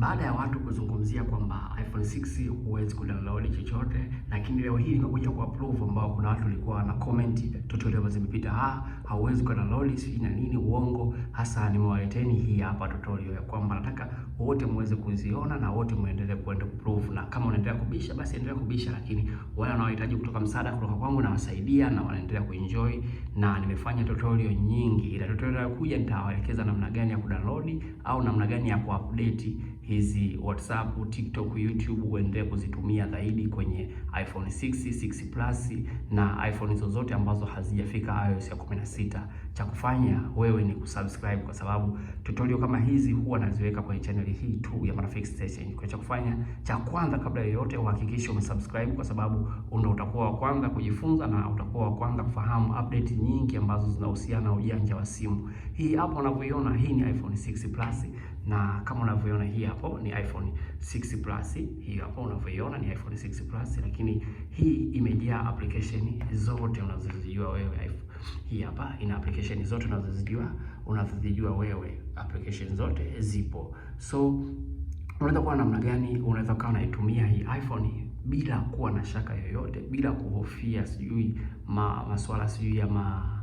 Baada ya watu kuzungumzia kwamba iPhone 6 huwezi kudownload chochote, lakini leo hii nikakuja kwa proof ambao kuna watu walikuwa na comment tutorial ambazo zimepita, ah, hauwezi kudownload si na nini, uongo hasa. Nimewaleteni hii hapa tutorial ya kwamba nataka wote muweze kuziona na wote muendelee kwenda proof, na kama unaendelea kubisha basi endelea kubisha, lakini wale wanaohitaji kutoka msaada kutoka kwangu na wasaidia na wanaendelea kuenjoy, na nimefanya tutorial nyingi, ila tutorial inayokuja nitawaelekeza namna gani ya kudownload au namna gani ya kuupdate hizi WhatsApp, TikTok, YouTube uendelee kuzitumia zaidi kwenye iPhone 6, 6 Plus na iPhone zozote ambazo hazijafika iOS ya 16. Cha kufanya wewe ni kusubscribe, kwa sababu tutorial kama hizi huwa naziweka kwenye channel hii tu ya Marafiki Station. Kwa cha kufanya cha kwanza, kabla yoyote, uhakikishe umesubscribe, kwa sababu ndio utakuwa wa kwanza kujifunza na utakuwa wa kwanza kufahamu update nyingi ambazo zinahusiana na ujanja wa simu. Hii hapo unavyoiona, hii ni iPhone 6 Plus na kama unavyoiona hii hapo ni iPhone 6 Plus. Hii hapo unavyoiona ni iPhone 6 Plus, lakini hii imejaa application zote unazozijua wewe. Hii hapa ina application zote unazozijua unazozijua wewe, application zote zipo. So unaweza kuwa namna gani, unaweza kuwa unaitumia hii iPhone bila kuwa na shaka yoyote, bila kuhofia sijui ma, maswala sijui ya ma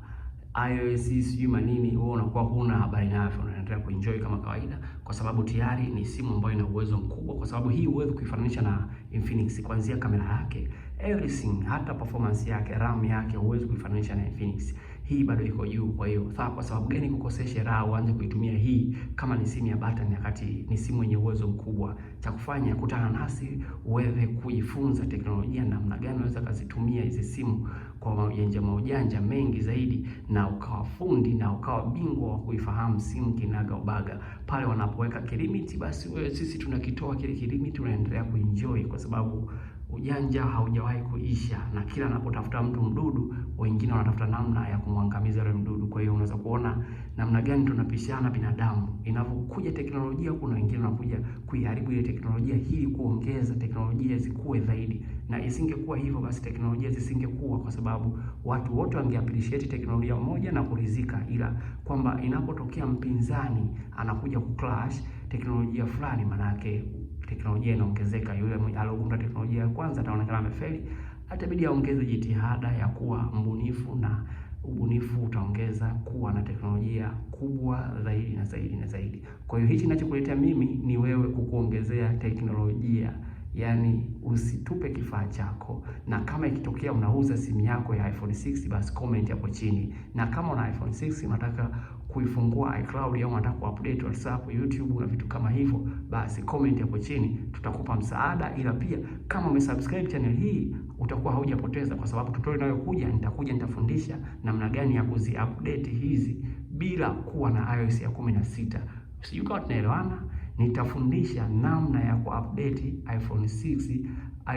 iOS sijui manini, wewe unakuwa huna habari navyo, unaendelea kuenjoy kama kawaida, kwa sababu tayari ni simu ambayo ina uwezo mkubwa, kwa sababu hii huwezi kuifananisha na Infinix kuanzia kamera yake, everything, hata performance yake, RAM yake huwezi kuifananisha na Infinix hii bado iko juu. Kwa hiyo sawa, kwa sababu gani kukoseshe raha uanze kuitumia hii kama ni simu ya button, wakati ni simu yenye uwezo mkubwa? Cha kufanya kutana nasi uweze kujifunza teknolojia, namna gani unaweza kazitumia hizi simu kwa maujanja maujanja mengi zaidi, na ukawa fundi na ukawa bingwa wa kuifahamu simu kinaga ubaga. Pale wanapoweka kilimiti, basi wewe sisi tunakitoa kile kilimiti, tunaendelea kuenjoy kwa sababu Ujanja haujawahi kuisha, na kila anapotafuta mtu mdudu, wengine wanatafuta namna ya kumwangamiza yule mdudu. Kwa hiyo unaweza kuona namna gani tunapishana binadamu. Inapokuja teknolojia, kuna wengine wanakuja kuiharibu ile teknolojia hii kuongeza teknolojia zikuwe zaidi, na isingekuwa hivyo, basi teknolojia zisingekuwa, kwa sababu watu wote wangeappreciate teknolojia moja na kuridhika, ila kwamba inapotokea mpinzani anakuja kuclash teknolojia fulani, maana yake teknolojia inaongezeka. Yule aliogundua teknolojia ya kwanza ataonekana amefeli, atabidi aongeze jitihada ya kuwa mbunifu, na ubunifu utaongeza kuwa na teknolojia kubwa zaidi na zaidi na zaidi. Kwa hiyo hichi ninachokuletea mimi ni wewe kukuongezea teknolojia, yaani usitupe kifaa chako. Na kama ikitokea unauza simu yako ya iPhone 6 basi comment hapo chini, na kama una iPhone 6 unataka kuifungua iCloud au unataka kuupdate WhatsApp, YouTube na vitu kama hivyo, basi comment hapo chini, tutakupa msaada. Ila pia kama umesubscribe channel hii utakuwa haujapoteza, kwa sababu tutorial inayokuja nitakuja nitafundisha namna gani ya kuzi update hizi bila kuwa na iOS ya 16. Sijui kama tunaelewana. Nitafundisha namna ya kuupdate iPhone 6,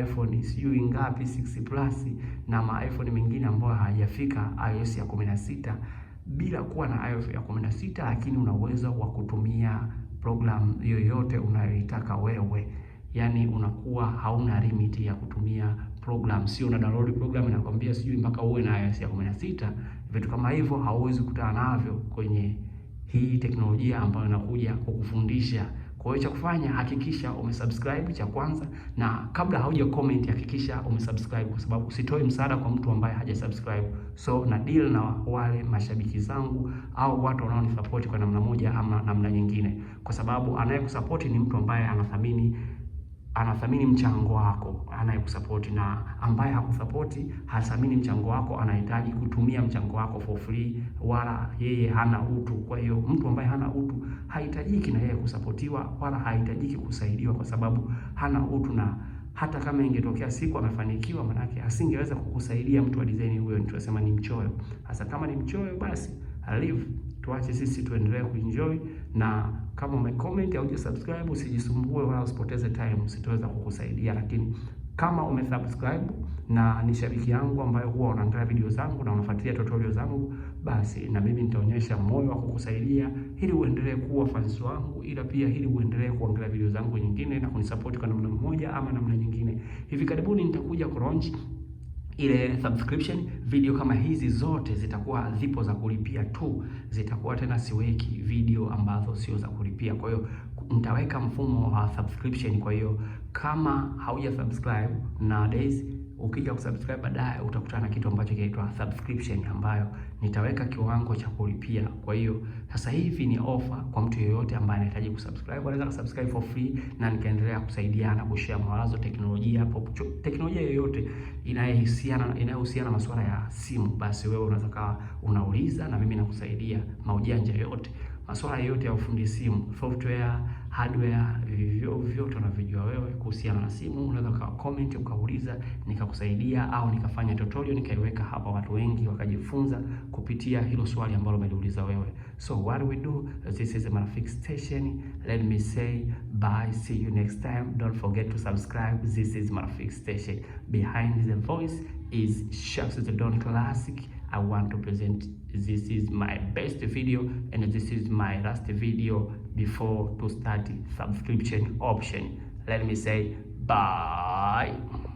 iPhone sijui ngapi 6 plus na ma iPhone mengine ambayo hayajafika iOS ya 16 bila kuwa na iOS ya 16, lakini una uwezo wa kutumia program yoyote unayoitaka wewe. Yani unakuwa hauna limit ya kutumia program, sio una download program inakwambia sijui mpaka uwe na iOS ya 16. Vitu kama hivyo hauwezi kutana navyo kwenye hii teknolojia ambayo inakuja kukufundisha kwa hiyo cha kufanya hakikisha umesubscribe cha kwanza, na kabla hauja comment hakikisha umesubscribe, kwa sababu usitoe msaada kwa mtu ambaye hajasubscribe. So na deal na wale mashabiki zangu au watu wanaonisupport kwa namna moja ama namna nyingine, kwa sababu anayekusupport ni mtu ambaye anathamini anathamini mchango wako anayekusapoti, na ambaye hakusapoti hathamini mchango wako, anahitaji kutumia mchango wako for free, wala yeye hana utu. Kwa hiyo mtu ambaye hana utu hahitajiki na yeye kusapotiwa wala hahitajiki kusaidiwa, kwa sababu hana utu, na hata kama ingetokea siku amefanikiwa, manake asingeweza kukusaidia mtu wa design huyo. Tunasema ni mchoyo. Hasa kama ni mchoyo, basi leave tuache sisi tuendelee kuenjoy, na kama umecomment au hujasubscribe usijisumbue wala usipoteze time, sitoweza kukusaidia, lakini kama umesubscribe na ni shabiki yangu ambayo huwa unaangalia video zangu na unafuatilia tutorial zangu, basi na mimi nitaonyesha moyo wa kukusaidia ili uendelee kuwa fans wangu, ila pia ili uendelee kuangalia video zangu nyingine na kunisupport kwa namna moja ama namna nyingine. Hivi karibuni nitakuja ku ile subscription video kama hizi zote zitakuwa zipo za kulipia tu, zitakuwa tena siweki video ambazo sio za kulipia. Kwa hiyo nitaweka mfumo wa subscription. Kwa hiyo kama hauja subscribe nowadays Ukija kusubscribe baadaye utakutana na kitu ambacho kinaitwa subscription, ambayo nitaweka kiwango cha kulipia. Kwa hiyo sasa hivi ni offer kwa mtu yeyote ambaye anahitaji kusubscribe, anaweza kusubscribe for free, na nikaendelea kusaidiana kushare mawazo, teknolojia hapo, teknolojia yoyote inayohusiana inayohusiana masuala ya simu, basi wewe unaweza kawa unauliza na mimi nakusaidia maujanja yote, masuala yote ya ufundi simu, software hardware eh, vyovyote unavyojua wewe kuhusiana na simu, unaweza ukawa comment ukauliza, nikakusaidia au nikafanya tutorial nikaiweka hapa, watu wengi wakajifunza kupitia hilo swali ambalo umeliuliza wewe. So what we do, this is Marafiki Station. Let me say bye, see you next time. Don't forget to subscribe. This is Marafiki Station. Behind the voice is Shucks the Don Classic. I want to present this is my best video and this is my last video before to start subscription option. Let me say bye.